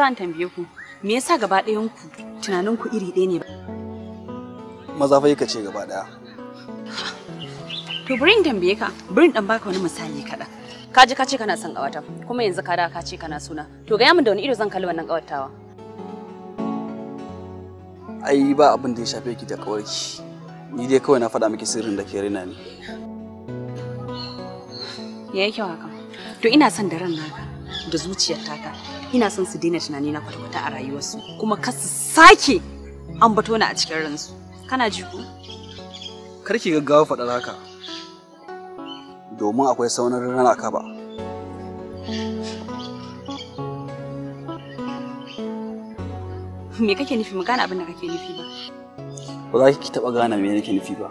za a tambaye ku me yasa gaba ɗayan ku tunanin ku iri ɗaya ne ba maza fa yake ce gaba ɗaya to bring tambaye ka bring dan baka wani misali kaɗan ka ji ka ce kana son ƙawata kuma yanzu ka da ka ce kana suna to ga min da wani ido zan kalli wannan ƙawatawa ai ba abin da ya shafe ki da ƙawarki ni dai kawai na faɗa miki sirrin da ke rina ne ya yi kyau haka to ina son da ran naka da zuciyar ta ina son su daina tunani na kwata-kwata a rayuwarsu kuma kar su sake ambato ni a cikin ransu kana ji ko kar ki gaggawa faɗar haka domin akwai saunar rana ka ba me kake nufi mu gane abin da kake nufi ba ba za ki taɓa gane me nake nufi ba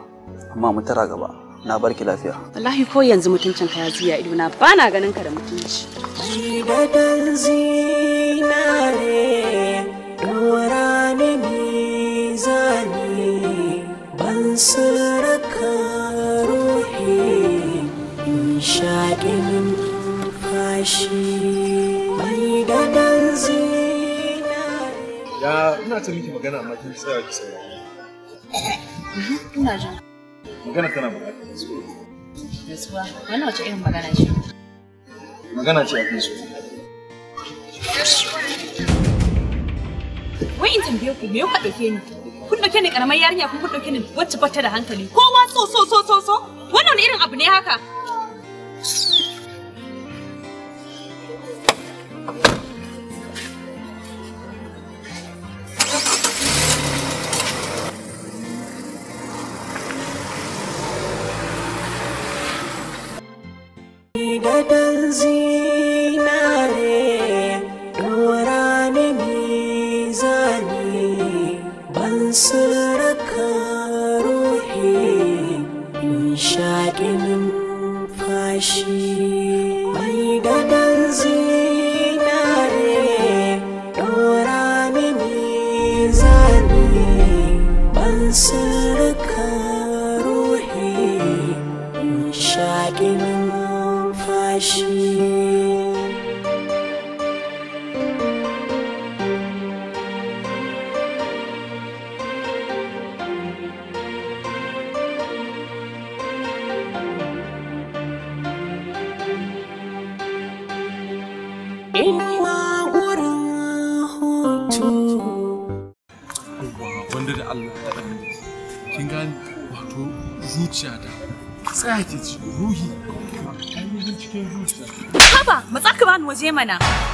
amma mu tara gaba na bar ki lafiya wallahi ko yanzu mutuncin ka ya ziya ido na ba na ganin ka da mutunci gidan zinare dora ne mizani ban saraka ruhi shaƙin fashi mai dadan zinare ya ina ta miki magana amma kin tsaya ki saurare ina jin magana tana magana. gaskiya wannan wace irin magana ce magana ce akan su wai in tambaye ku me kuka dauke ni kun dauke ni karamar yarinya kun kun dauke ni wacce bata da hankali kowa so so so so so wannan irin abu ne haka Thank you. मना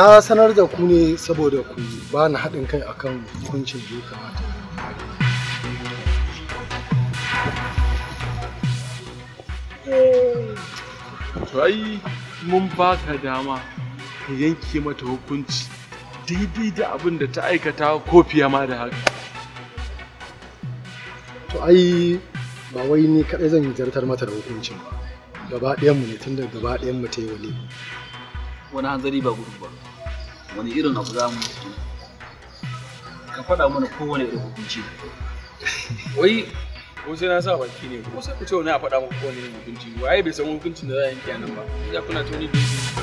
na sanar da ku ne saboda ku ba na haɗin kai akan hukuncin da ya kamata to ai mun baka dama ka yanke mata hukunci daidai da abin da ta aikata ko fiye ma da haka to ai ba wai ni kaɗai zan yi zartar mata da hukuncin ba gaba mu ne tun da gaba mu ta yi wani wani hanzari ba gudu ba wani irin abu za mu ka faɗa mana kowane irin hukunci wai ko sai na sa baki ne ko sai ku ce wani a faɗa muku kowane irin hukunci waye bai san hukuncin da za a yanke nan ba ya kuna tuni biyu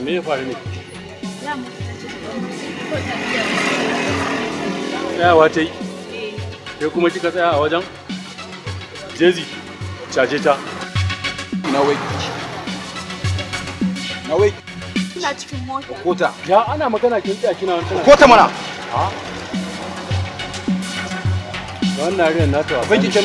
me ya faru ne tsayawa ta yi ya kuma kika tsaya a wajen jezi caje ta na wai ina cikin mota kota ya ana magana kin tsaya kina wannan kota mana wannan na ta ba kin can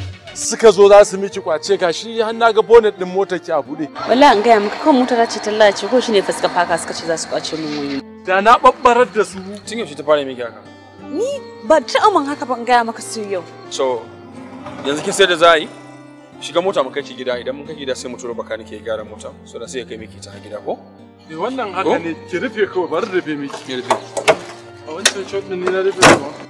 suka zo za su miki kwace ka shi har na ga bonnet din motar ki a bude wallahi an ya muka kan motar ce ta ce ko shine fa suka faka suka ce za su kwace min wayoyi da na babbarar da su tun shi ta fara miki haka ni ba ta aman haka ban ya maka su yau so yanzu kin sai da za yi shiga mota mu kai ki gida idan mun kai gida sai mu turo baka nake gyara mota so da sai ya kai miki ta gida ko ne eh, wannan haka ne ki rufe ko bar rufe miki ki rufe a wancan shot ne na rufe ko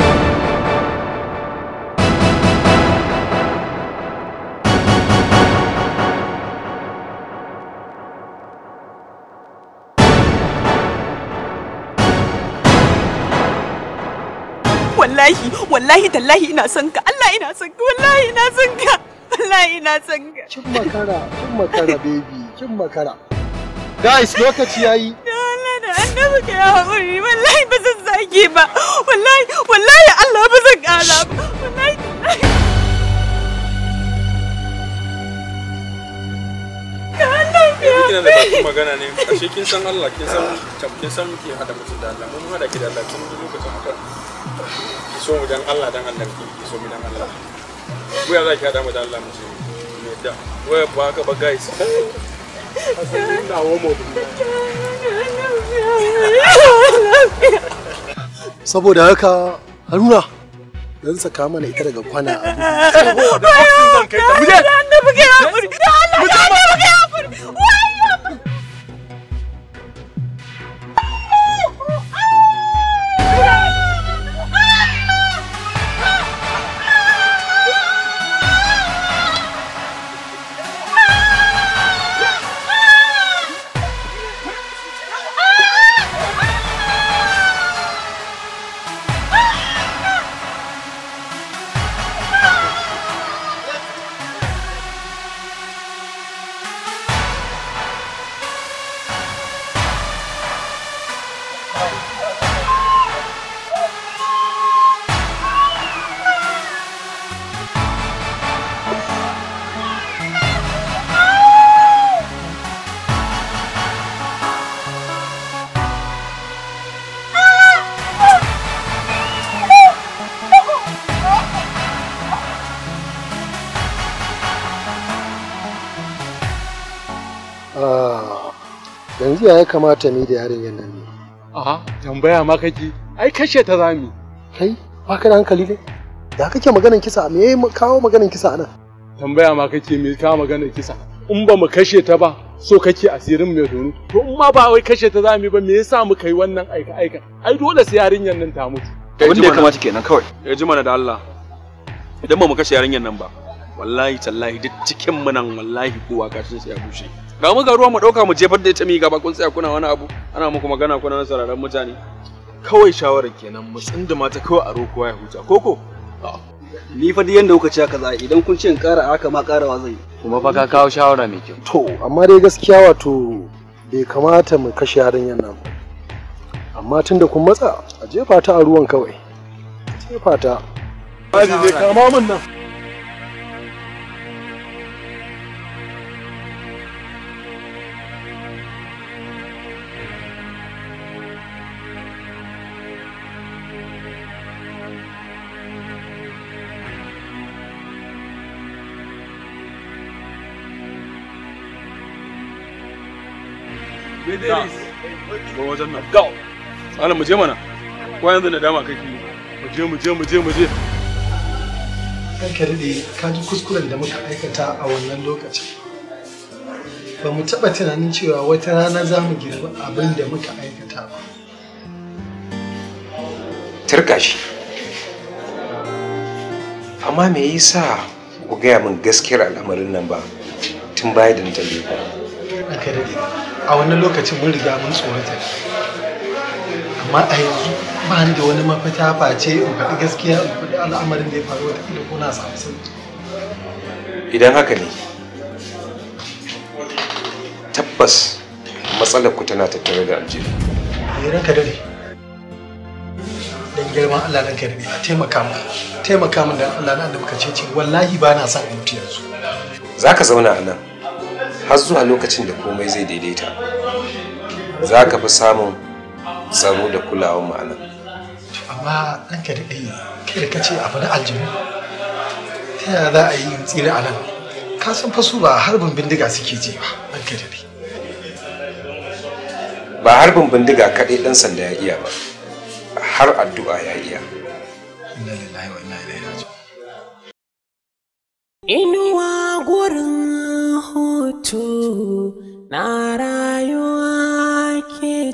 wallahi wallahi tallahi ina son ka Allah ina son ka wallahi ina son ka wallahi ina son ka kin makara kin makara baby kin makara guys lokaci yayi Allah da annabi ka ya hakuri wallahi ba zan zage ba wallahi wallahi Allah ba zan kala ba wallahi kina da bakin magana ne ashe kin san Allah kin san kin san muke hada mutum da Allah mun hada ki da Allah tun lokacin haka so mu dan Allah dan Allah ki so mu dan Allah mu ya zaki hada mu dan Allah mu ce yadda waya ba haka ba guys asalin da wa mu saboda haka Haruna dan saka mana ita daga kwana abu saboda oxygen kai ta mu je da Allah da Allah ya ya kamata ni da yarinyar nan ne? Aha, tambaya ma kake, ai kashe ta zami. Kai, ba ka da hankali ne? Da kake maganar kisa, me ya kawo maganar kisa nan? Tambaya ma kake me kawo maganar kisa? In ba mu kashe ta ba, so kake asirin mai dono. To in ma ba wai kashe ta zami ba, me yasa mu kai wannan aika aika? Ai dole sai yarinyar nan ta mutu. Abin da ya kamata kenan kawai. Ya ji mana da Allah. Idan ba mu kashe yarinyar nan ba, wallahi tallahi duk cikin mu nan wallahi kowa kashin sai ya bushe ga mu ga ruwa mu dauka mu jefar da ita mi ga bakun tsaya kuna wani abu ana muku magana kuna na sararan mutane kawai shawarar kenan mu tsinduma ta kawai a kowa ya huta koko ni fa duk yanda kuka ce haka za idan kun ce in ƙara haka ma ƙarawa zai kuma fa ka kawo shawara mai kyau to amma dai gaskiya wato bai kamata mu kashe yarinyar nan ba amma tunda kun matsa a jefa ta a ruwan kawai jefa ta Ba bai kama min nan. wajen nan gaw malam mu je mana ko yanzu na dama kake mu je mu je mu je mu je ka dade ka ji kuskuren da muka aikata a wannan lokacin ba mu taɓa tunanin cewa wata rana za mu girbi abin da muka aikata ba tirka shi amma me yasa ku gaya min gaskiyar al'amarin nan ba tun baya da na ranka a wani lokacin mun riga mun tsorata amma a yanzu ba ni da wani mafita face in faɗi gaskiya in faɗi al'amarin da ya faru wata ko na samu sauki idan haka ne tabbas matsalar ku tana tattare da aljihu me eh, ranka dare dan girman Allah ranka dare a taimaka mu taimaka mu da Allah na da muka ce wallahi ba na son mutu yanzu zaka zauna a nan har zuwa lokacin da komai zai daidaita za ka fi samun tsaro da kulawar ma'ana amma ɗan da daɗe kai da kace abu na aljihu ta yaya za a yi tsiri a nan ka san fasu ba harbin bindiga suke je ba ɗan da daɗe ba harbin bindiga kaɗai ɗan sanda ya iya ba har addu'a ya iya inuwa gurin tu na rayuwa ke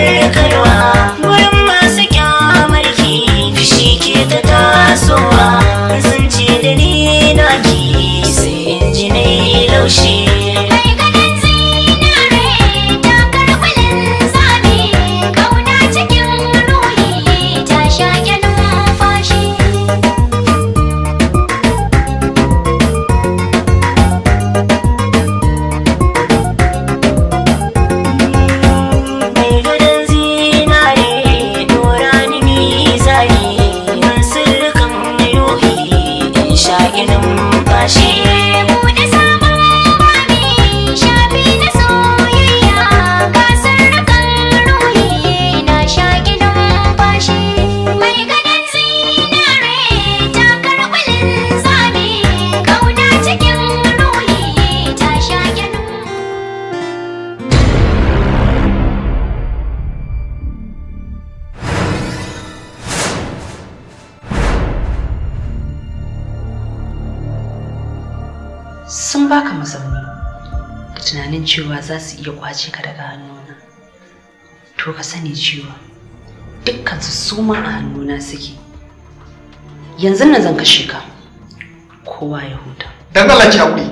yanzu nan zan kashe ka kowa ya huta dan Allah ki hakuri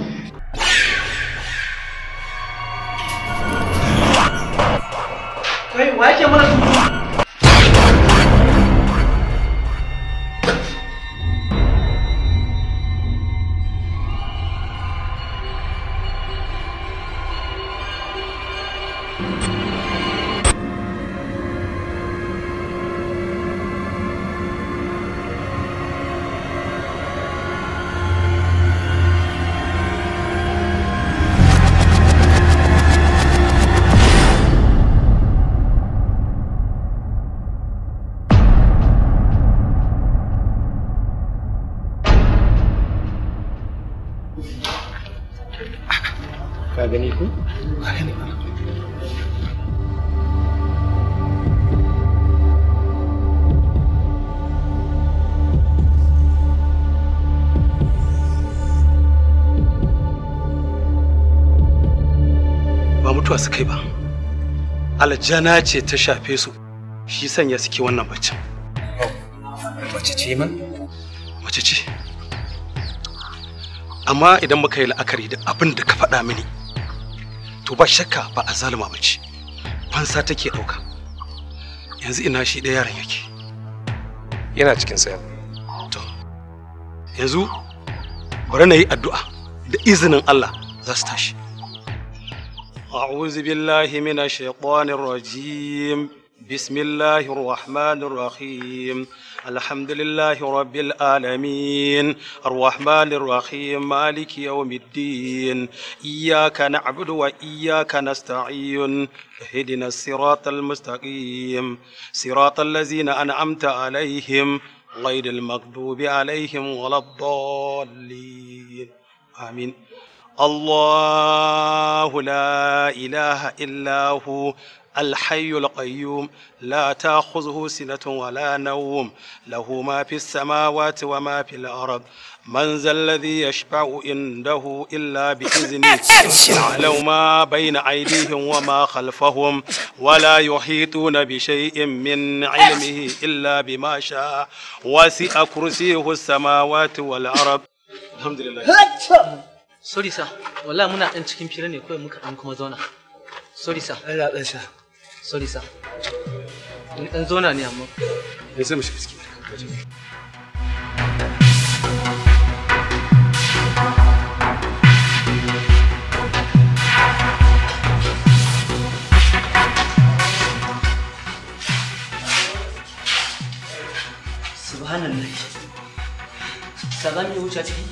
ka gani ko ba mutuwa su kai ba aljana ce ta shafe su shi sanya suke wannan baccin mace ce man mace ce amma idan muka yi la'akari da abin da ka faɗa mini to ba shakka ba a zalima ba ce fansa take ɗauka yanzu ina shi ɗaya yaran yake yana cikin sayar to yanzu bari na yi addu'a da izinin Allah za su tashi أعوذ بالله من الشيطان الرجيم بسم الله الرحمن الرحيم الحمد لله رب العالمين الرحمن الرحيم مالك يوم الدين إياك نعبد وإياك نستعين اهدنا الصراط المستقيم صراط الذين أنعمت عليهم غير المغضوب عليهم ولا الضالين آمين الله لا إله إلا هو الحي القيوم لا تاخذه سنه ولا نوم له ما في السماوات وما في الارض من ذا الذي يشبع عنده الا باذنه يعلم ما بين ايديهم وما خلفهم ولا يحيطون بشيء من علمه الا بما شاء وسع كرسيه السماوات والارض الحمد لله سوري سا والله منا dan cikin fira ne kawai muka dan kuma zauna sorry sir Allah ya sa sorry sa in zona ne amma ne eh, sai mu shi fiski Subhanallah. Salam wuce ciki.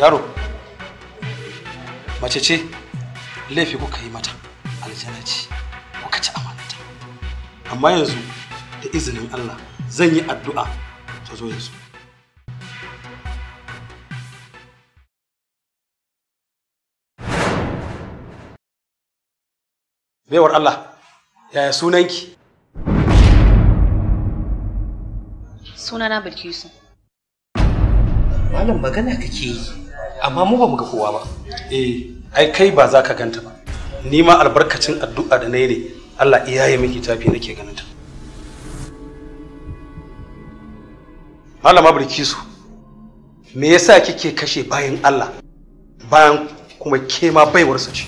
yaro mace ce laifi kuka yi mata aljana ce kuka ci amanata amma yanzu da izinin Allah zan yi addu'a ta zo yanzu baiwar Allah yaya sunanki sunana bilkisu malam magana kake yi amma mu ba mu ga kowa ba eh ai kai ba za ka ganta ba ni ma albarkacin addu'a da nayi ne Allah iya ya miki tafi nake ganin ta Malama Bilkisu me yasa kike kashe bayan Allah bayan kuma ke ma su ce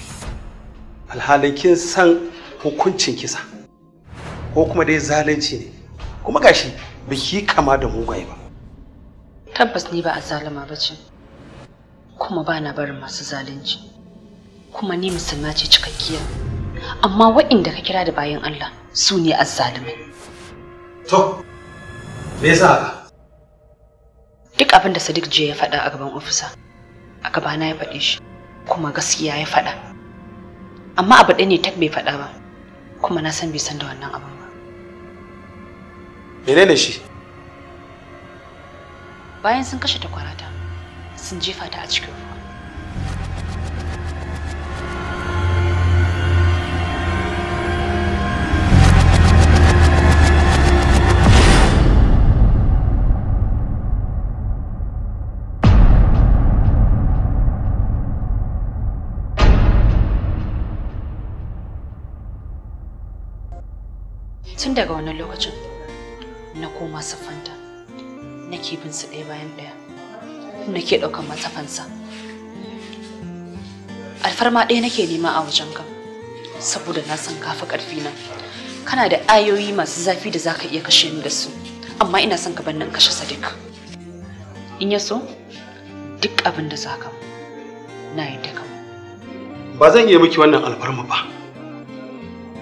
alhalin kin san hukuncin kisa ko kuma dai zalunci ne kuma gashi biki kama da mugaye ba tabbas ni ba a ba ce kuma ba na barin masu zalunci kuma ni musulma ce cikakkiya amma waɗanda ka kira da bayan Allah su ne azzalumai to me yasa haka duk abin da Sadiq je ya faɗa a gaban ofisa a gabana ya faɗe shi kuma gaskiya ya faɗa amma abu ɗaya ne tak bai faɗa ba kuma na san bai san da wannan abin ba menene shi bayan sun kashe takwarata sun jefa ta a cikin ruwa tun daga wani lokacin na koma siffanta na bin su ɗaya bayan ɗaya nake ɗaukan masa fansa alfarma ɗaya nake nema a wajen ka saboda na san kafa ƙarfi na kana da ayoyi masu zafi da zaka iya kashe ni da su amma ina son ka bar nan kashe sadiq in ya so duk abin da zaka na yadda ka ba zan iya miki wannan alfarma ba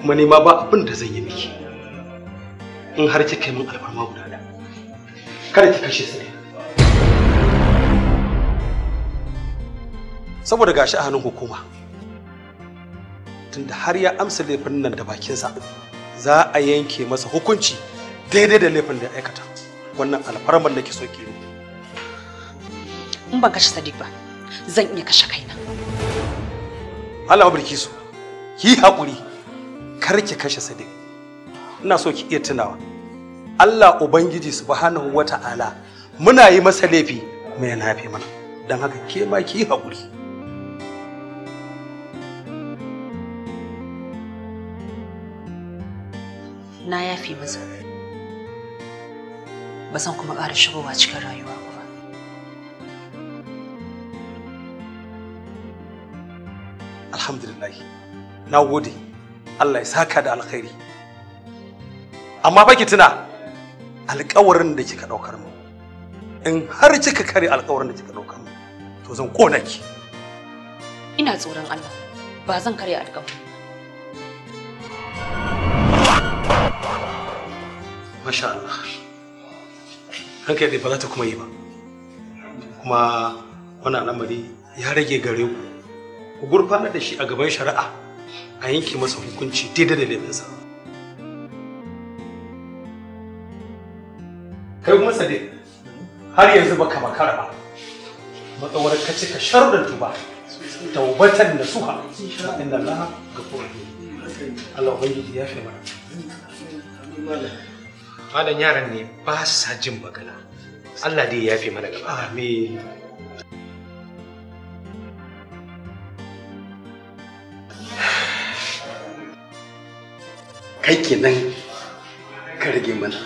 kuma ni ma ba abin da zan yi miki in har kika yi min alfarma guda da kada ki kashe sadiq saboda gashi a hannun hukuma tunda har ya amsa laifin nan da bakinsa za a yanke masa hukunci daidai da laifin da aikata wannan alfarmar da ke so ke in ban kashe sadiq ba zan iya kashe kaina Allah barki su ki haƙuri kar ki kashe sadiq ina so ki iya tunawa Allah ubangiji subhanahu wata'ala muna yi masa laifi mai nafi mana don haka ke ma ki haƙuri na yafe masa ba zan kuma ƙara shigowa cikin rayuwa ba alhamdulillah na gode Allah ya saka da alkhairi amma baki tuna alƙawarin da kika ɗaukar mu in har kika kare alƙawarin da kika ɗaukar mu to zan kona ki ina tsoron Allah ba zan kare alƙawari masha Allah ranka yadda ba za ta kuma yi ba kuma wannan al'amari ya rage gare ku ku gurfanar da shi a gaban shari'a a yanke masa hukunci daidai da laifinsa kai kuma sade har yanzu baka makara ba matsawar ka cika sharuɗar tuba taubatan da suha inda Allah ga kowa Allah ubangiji ya fi mana Malam yaran ne ba sa jin magana. Allah dai ya fi mana gaba. Amin. Kai kenan ka rage mana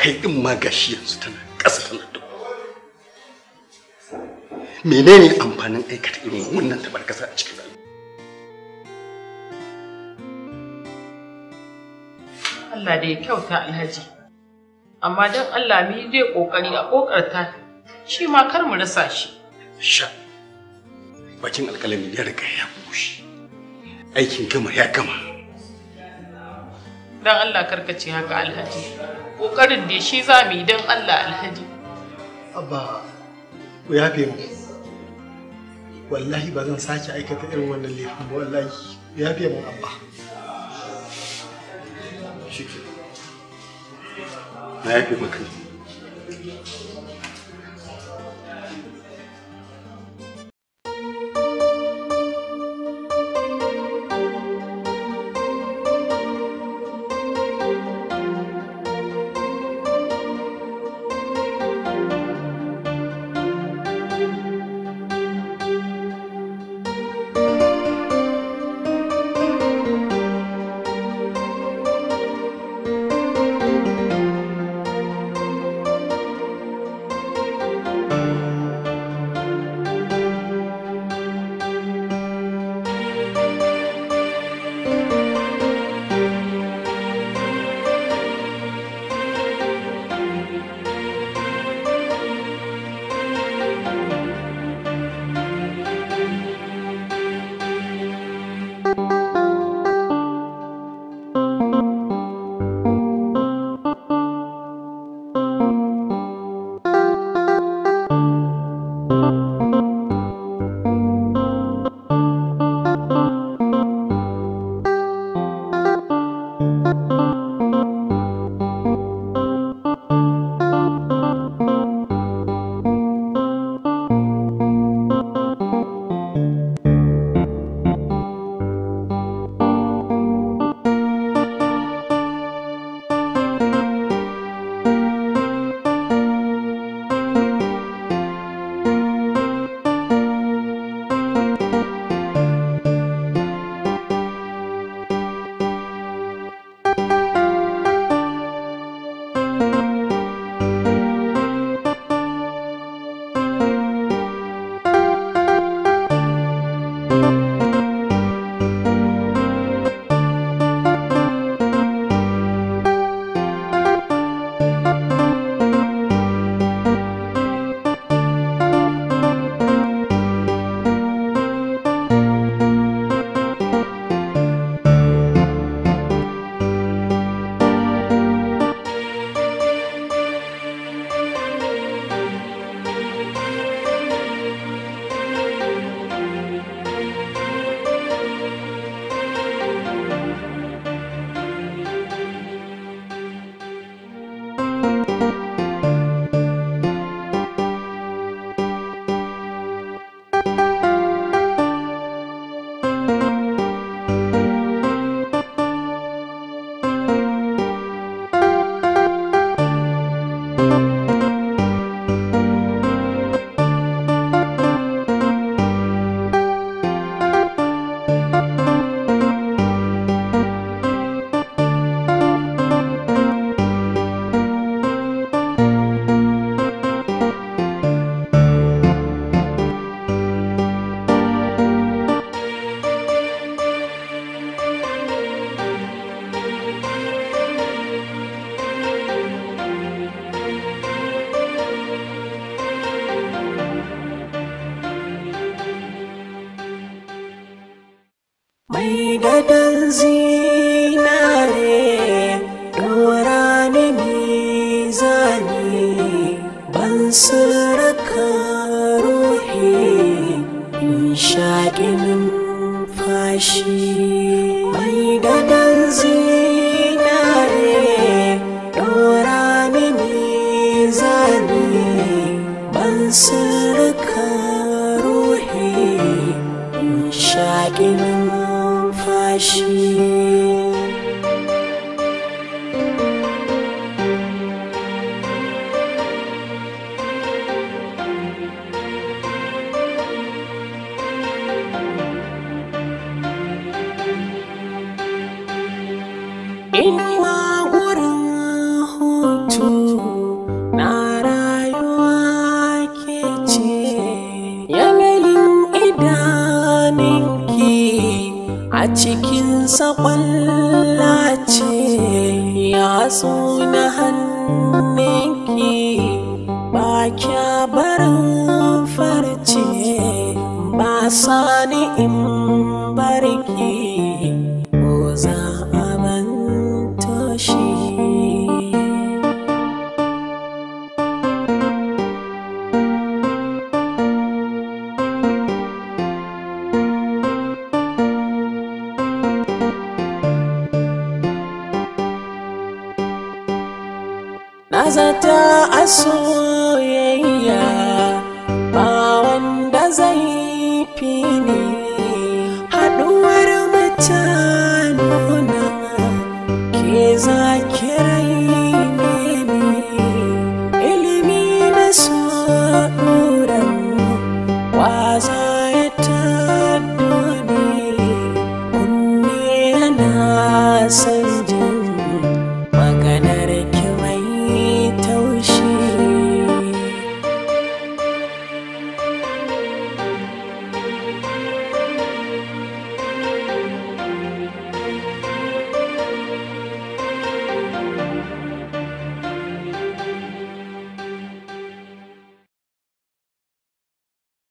kai din ma gashi yanzu tana ƙasa tana duk. Menene amfanin aikata irin wannan tabarkasa a cikin Allah da ya kyauta alhaji. Amma don Allah mu yi dai ƙoƙari a ƙoƙarta shi ma kar mu rasa shi. Sha, bakin alƙalami ya riga ya bushe. Aikin gama ya gama. Don Allah karkace haka alhaji. Ƙoƙarin da shi za mu yi don Allah alhaji. Abba, ku yafe mu. Wallahi ba zan sake aikata irin wannan laifin ba wallahi. ya mu abba. 来，别客气。